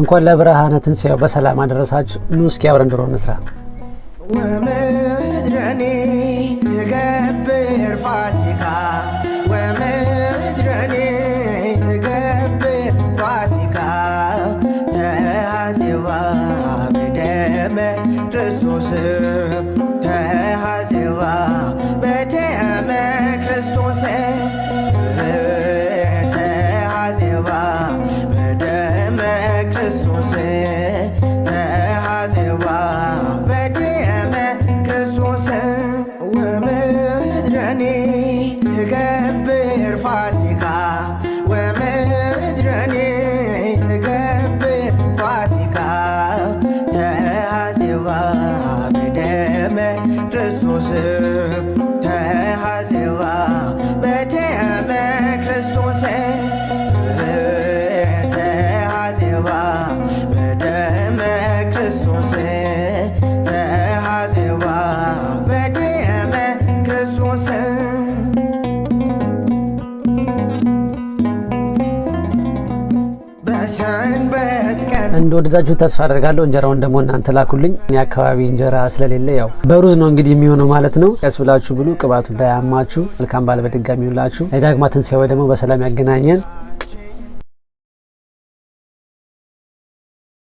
እንኳን ለብርሃነ ትንሣኤው በሰላም አደረሳችሁ። ኑ እስኪ አብረን ድሮ እንስራ። ትገብር ፋሲካ ትገብር ፋሲካ ተሐዜባ ክርስቶስ ክርስቶስ ተሐዜባ በደመ ክርስቶስ ተሐዜባ በደመ ክርስቶስ ወምድረኒ ትገብር ፋሲካ ወምድረኒ ትገብር ፋሲካ ተሐዜባ በደመ ክርስቶስ እንደወደዳችሁ ተስፋ አደርጋለሁ። እንጀራውን ደግሞ እናንተ ላኩልኝ። እኔ አካባቢ እንጀራ ስለሌለ ያው በሩዝ ነው እንግዲህ የሚሆነው ማለት ነው። ቀስ ብላችሁ ብሉ፣ ቅባቱ እንዳያማችሁ። መልካም በዓል በድጋሚ ይሁንላችሁ። ለዳግማ ትንሣኤ ደግሞ በሰላም ያገናኘን።